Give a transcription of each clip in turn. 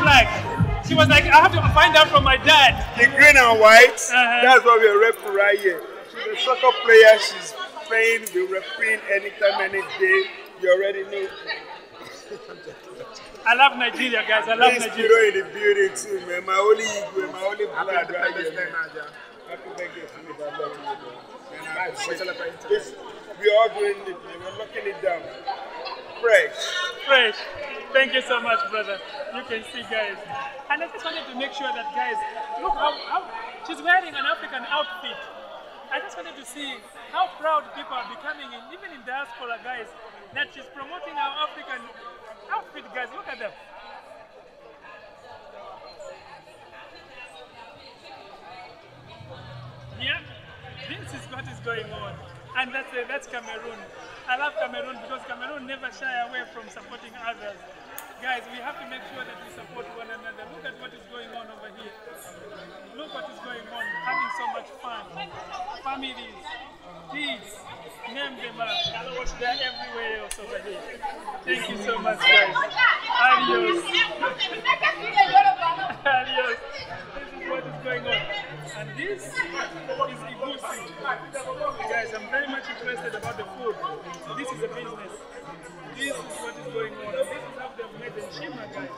She's she was like, I have to find out from my dad. The green and white, uh-huh. that's what we're repping right here. She's a soccer player, she's playing, We repping anytime, any day. You already know. I love Nigeria, guys. I love Nigeria. Hero in the building too, man. My only Igwe, my only blood right here, man. Happy birthday to you, brother. We're all doing it, man. We're knocking it down. Fresh. Fresh. Thank you so much, brother. You can see, guys. And I just wanted to make sure that, guys, look how, how she's wearing an African outfit. I just wanted to see how proud people are becoming, in, even in diaspora, guys, that she's promoting our African outfit, guys. Look at them. Yeah, this is what is going on. And that's, uh, that's Cameroon. I love Cameroon because Cameroon never shy away from supporting others. Guys, we have to make sure that we support one another. Look at what is going on over here. Look what is going on. Having so much fun. Families, kids, name them up. They're everywhere else over here. Thank you so much, guys. Adios. Adios. This is what is going on and this is a good thing. Guys, I'm very much interested about the food. This is a business. This is what is going on. This is how they've made the Shima, guys.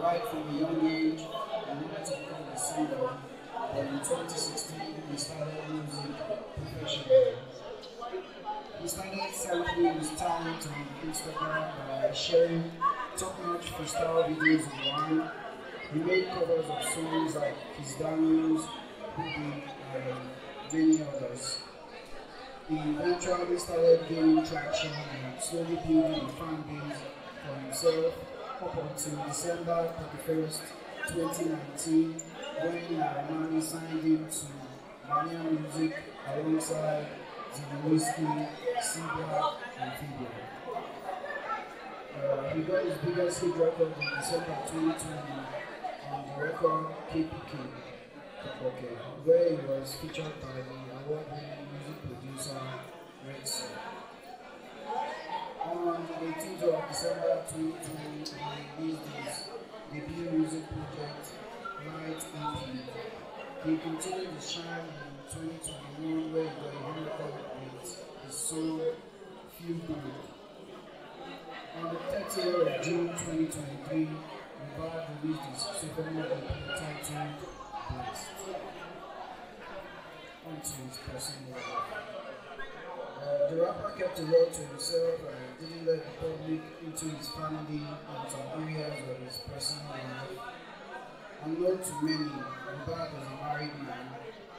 Right from a young age, and that's what I'm saying in 2016, we started using professional. We started selling his talent on Instagram by sharing top-notch freestyle videos online. He made covers of songs like his Daniels, Boogie, and many others. He eventually started gaining traction and slowly building a fan base for himself up until December 31st, 2019 when Armani signed him to Mania Music alongside Zibinowski, Sibra, and Fibia. Uh, he got his biggest hit record in December 2020 on the record KPK, okay, where he was featured by the award-winning music producer Red On the 18th of December 2020, he released his debut music project he continued to shine in 2021 where he got 100,000 points. He sold few people. On the 30th of June 2023, Mubarak released his second album titled Blessed. Onto his personal life. Uh, the rapper kept a lot to himself and didn't let the public into his family and some areas of his personal life. Unknown to many, Mubarak was a married man.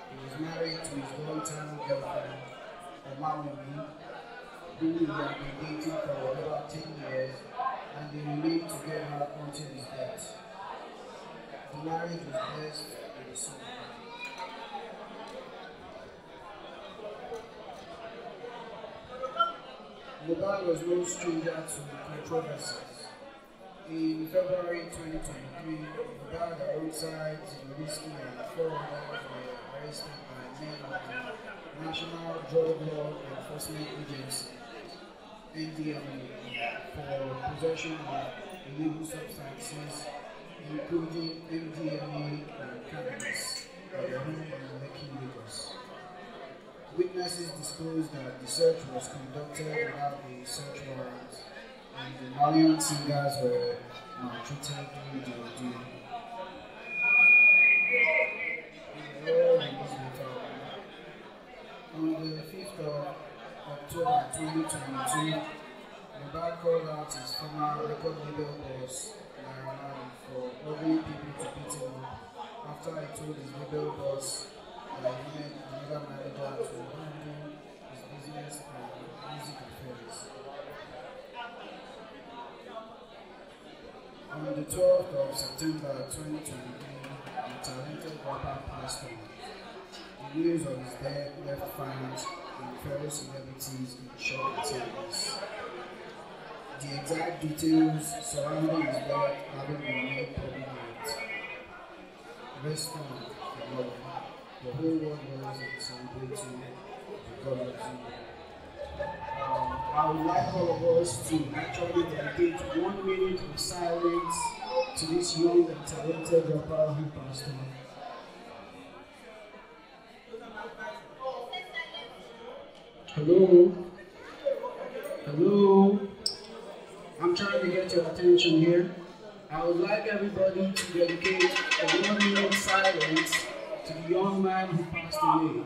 He was married to his long-time girlfriend, Omawumi, who he had been dating for over 10 years, and they remained together until his death. The marriage was blessed with a son. Mubarak was no stranger to the controversies in February 2023, about the roadside UNESCO and Florida for arrested by men of the National Drug Law Enforcement Agency, (NDMA) for possession of illegal substances, including MDMA and cannabis, at the home in Lekki, Lagos. Witnesses disclosed that the search was conducted without a search warrant. And then on, guys were um, protecting the dude. On the 5th of October 2022, bad called out his former record label boss, Narayan, for ordering people to beat him up after he told his label boss that uh, he made another manager to the 12th of September 2023, the talented rapper passed on. The news of his death left fans and fellow celebrities in shock and The exact details surrounding his death haven't been made public yet. Rest on the Lord. The whole world knows and celebrates you, the of you. I would like all of us to actually dedicate one minute of silence to this young and talented rapper who passed on. Hello? Hello? I'm trying to get your attention here. I would like everybody to dedicate a one minute silence to the young man who passed away.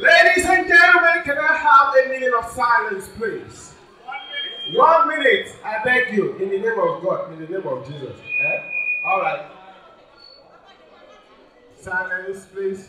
Ladies and gentlemen, can I have a minute of silence, please? One minute. One minute, I beg you, in the name of God, in the name of Jesus. Eh? All right. Silence, please.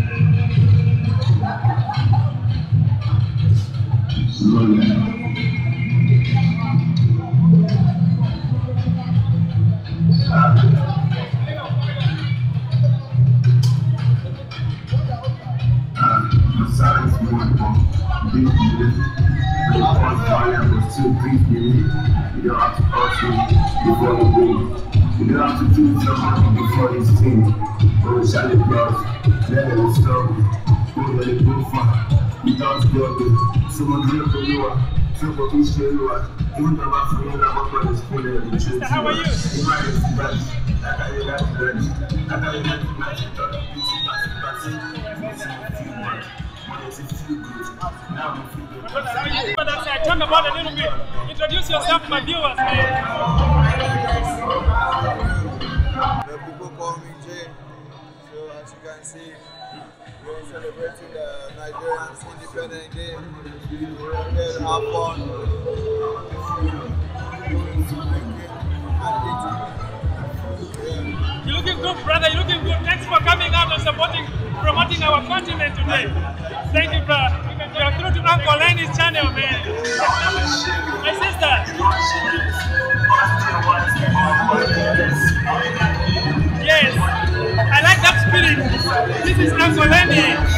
God's glory. Someone here for you are. Uh, Someone who share you are. Uh, even the last one that worked that's this in the church. How are you? Turn the a little bit. Introduce yourself my viewers, The people call me Jay. So as you can see, we're celebrating the Nigerians Independence Day. Then have You're looking good, brother. You're looking good. Thanks for coming out and supporting, promoting our continent today. Thank you, brother. You're through to Uncle Lenny's channel, man. My sister. Yes. I like that spirit. This is Uncle Lenny.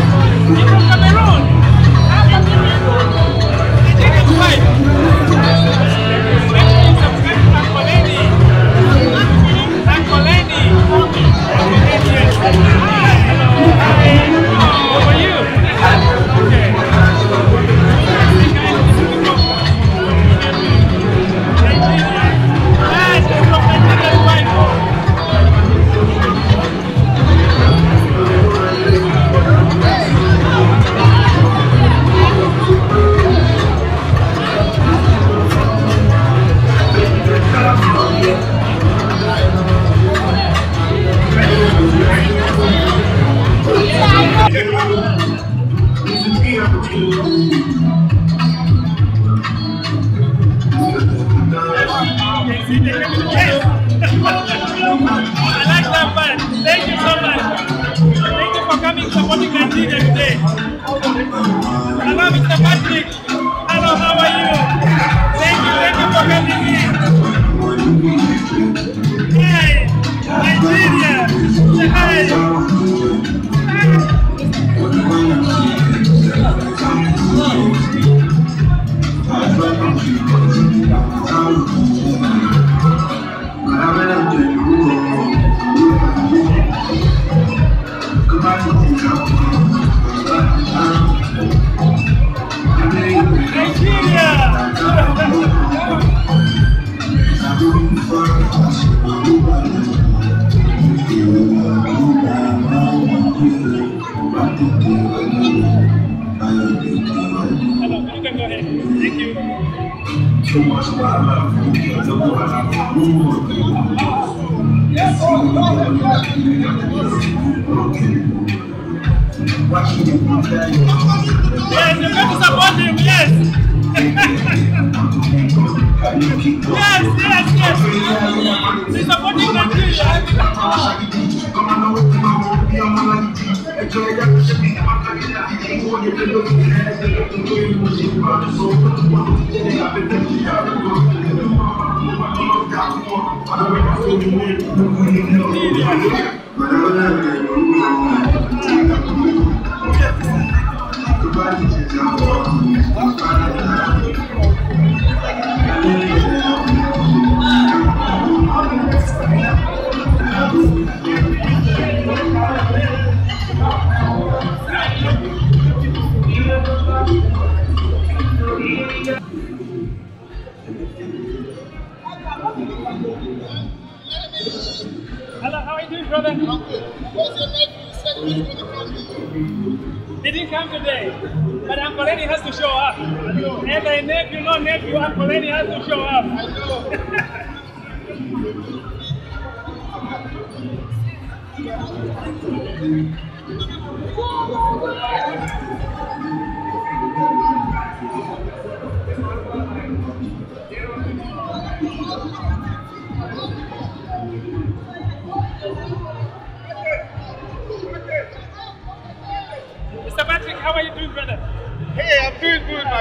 right. Yes, you have to support him, yes. yes, yes, yes. He's supporting Nigeria. Nigeria. brother? Did not come today? But Uncle Eddie has to show up. And my nephew, no nephew, Uncle Eddie has to show up. I know.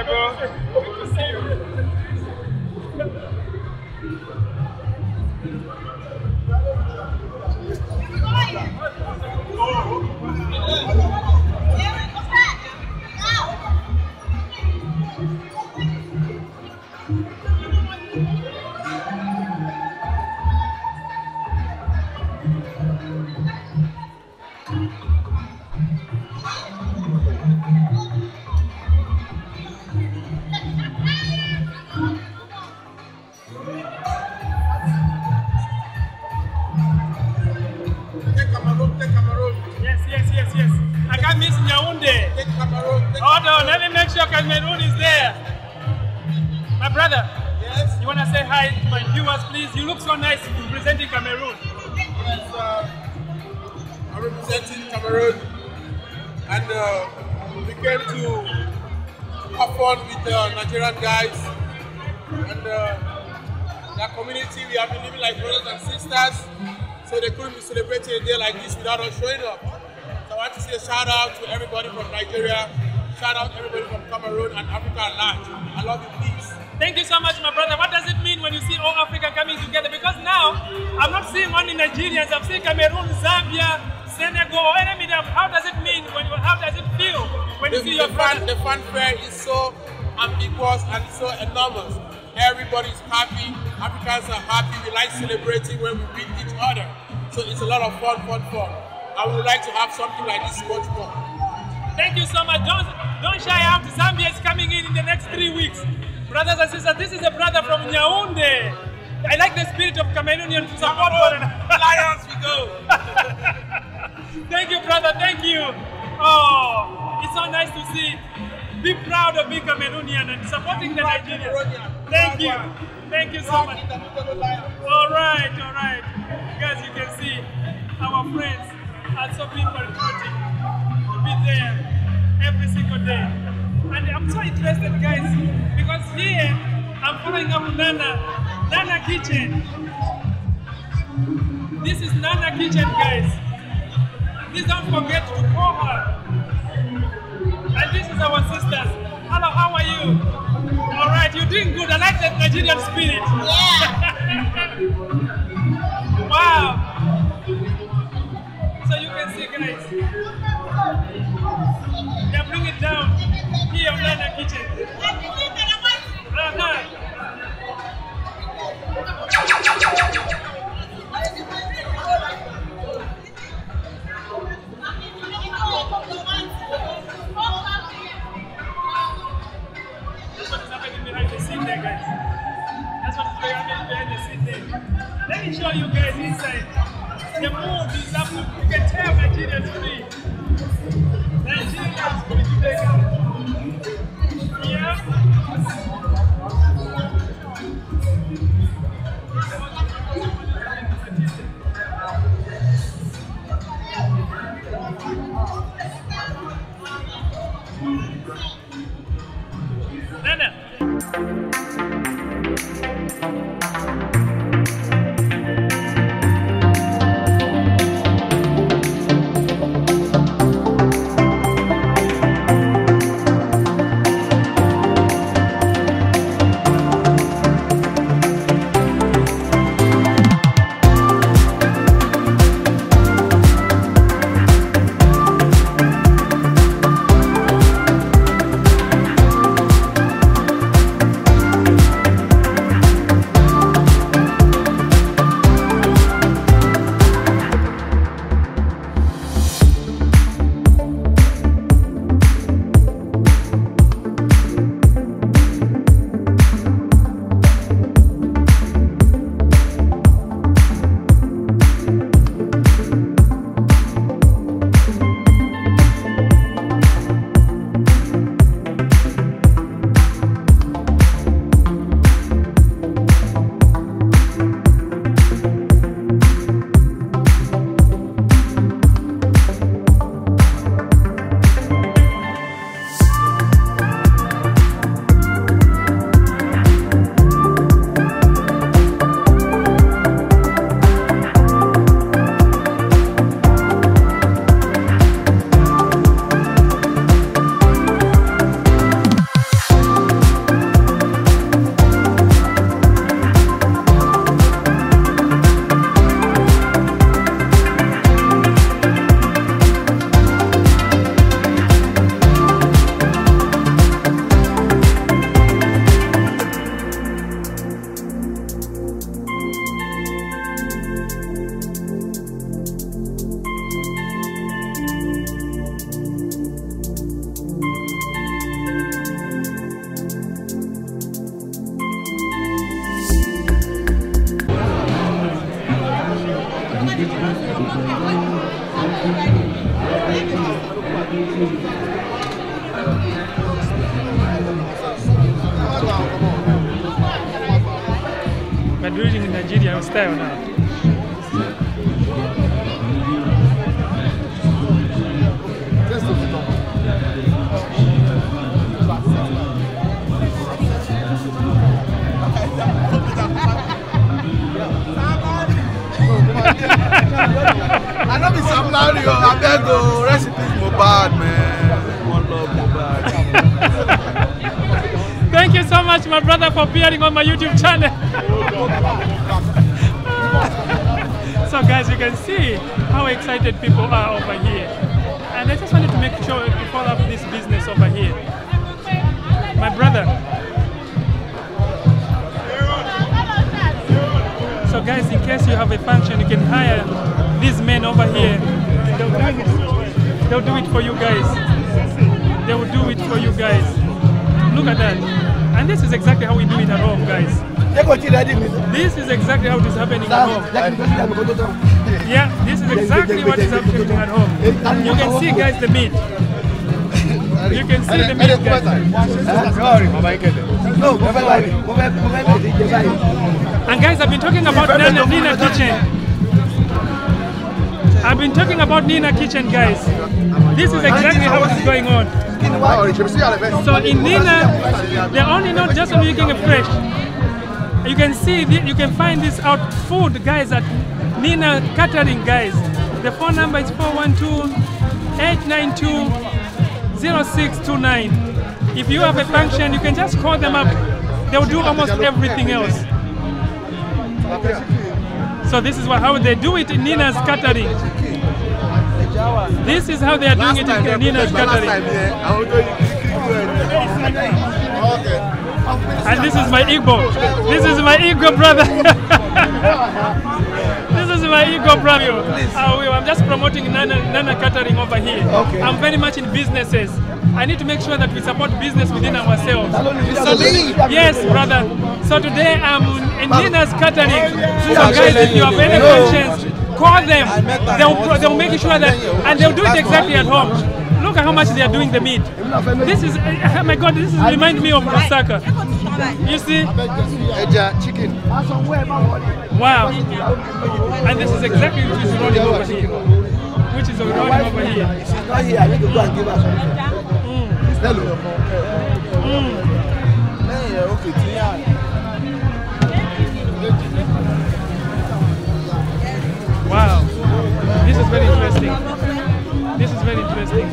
Thiago. say hi to my viewers, please? You look so nice representing Cameroon. Yes, uh, I'm representing Cameroon. And uh, we came to have fun with the uh, Nigerian guys. And uh, community, we have been living like brothers and sisters. So they couldn't be celebrating a day like this without us showing up. So I want to say a shout out to everybody from Nigeria. Shout out to everybody from Cameroon and Africa at large. I love you. Thank you so much, my brother. What does it mean when you see all Africa coming together? Because now, I'm not seeing only Nigerians, I'm seeing Cameroon, Zambia, Senegal, any medium. How does it mean, when you, how does it feel when you the, see your friends? Fun, the fanfare is so ambiguous and so enormous. Everybody's happy, Africans are happy, we like celebrating when we beat each other. So it's a lot of fun, fun, fun. I would like to have something like this much more. Thank you so much. Don't, don't shy out. Zambia is coming in in the next three weeks. Brothers and sisters, this is a brother from Nyaounde. I like the spirit of Cameroonian support one Lions we go. thank you, brother. Thank you. Oh, it's so nice to see. Be proud of being Cameroonian and supporting the Nigerians. Thank you. Thank you so much. All right, all right. Guys, you can see our friends are so people to be there every single day. And I'm so interested, guys, because here I'm following up Nana, Nana Kitchen. This is Nana Kitchen, guys. Please don't forget to call her. And this is our sisters. Hello, how are you? All right, you're doing good. I like that Nigerian spirit. Yeah. wow. So you can see, guys bring it down here on Nana Kitchen. uh That's what is happening behind the scene there, guys. That's what is happening behind the scene there. Let me show you guys inside. The move is up. You can tell Nigerians free. Yeah. Let go. Rest man. One love, Mobad. Thank you so much, my brother, for appearing on my YouTube channel. so, guys, you can see how excited people are over here. And I just wanted to make sure we follow up this business over here. My brother, So guys, in case you have a function, you can hire these men over here They'll do it for you guys. They will do it for you guys. Look at that. And this is exactly how we do it at home, guys. This is exactly how it is happening at home. Yeah, this is exactly what is happening at home. You can see, guys, the meat. You can see the meat, guys. And guys, I've been talking about Nana Nina Kitchen. I've been talking about Nina Kitchen, guys. This is exactly how it's going on. So in Nina, they're only not just making it fresh. You can see, you can find this out food, guys, at Nina Catering, guys. The phone number is 412 892 0629. If you have a function, you can just call them up. They'll do almost everything else. So this is what, how they do it in Nina's catering. This is how they are doing it in Nina's catering. and this is my Igbo. This is my Igbo brother. this is my Igbo brother. Ah, I'm just promoting Nana, Nana catering over here. Okay. I'm very much in businesses. I need to make sure that we support business within ourselves. So, yes, brother. So today I'm in engineer's catering. So guys, if you have any questions, call them. They'll, they'll make sure that, and they'll do it exactly at home. Look at how much they are doing the meat. This is, oh my God, this is remind me of Osaka. You see? chicken. Wow. And this is exactly what is rolling over here. Which is rolling over here. It's not here. I need to go and give hello. Wow, this is very interesting. This is very interesting.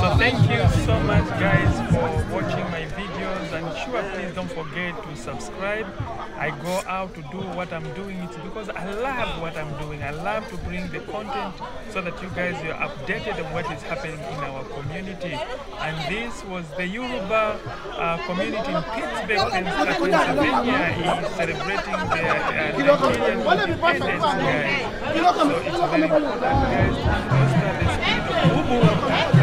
So thank you so much guys sure please don't forget to subscribe. I go out to do what I'm doing. It's because I love what I'm doing. I love to bring the content so that you guys are updated on what is happening in our community. And this was the Yoruba uh, community in Pittsburgh, Pennsylvania, is celebrating their uh, independence, guys. So it's very guys,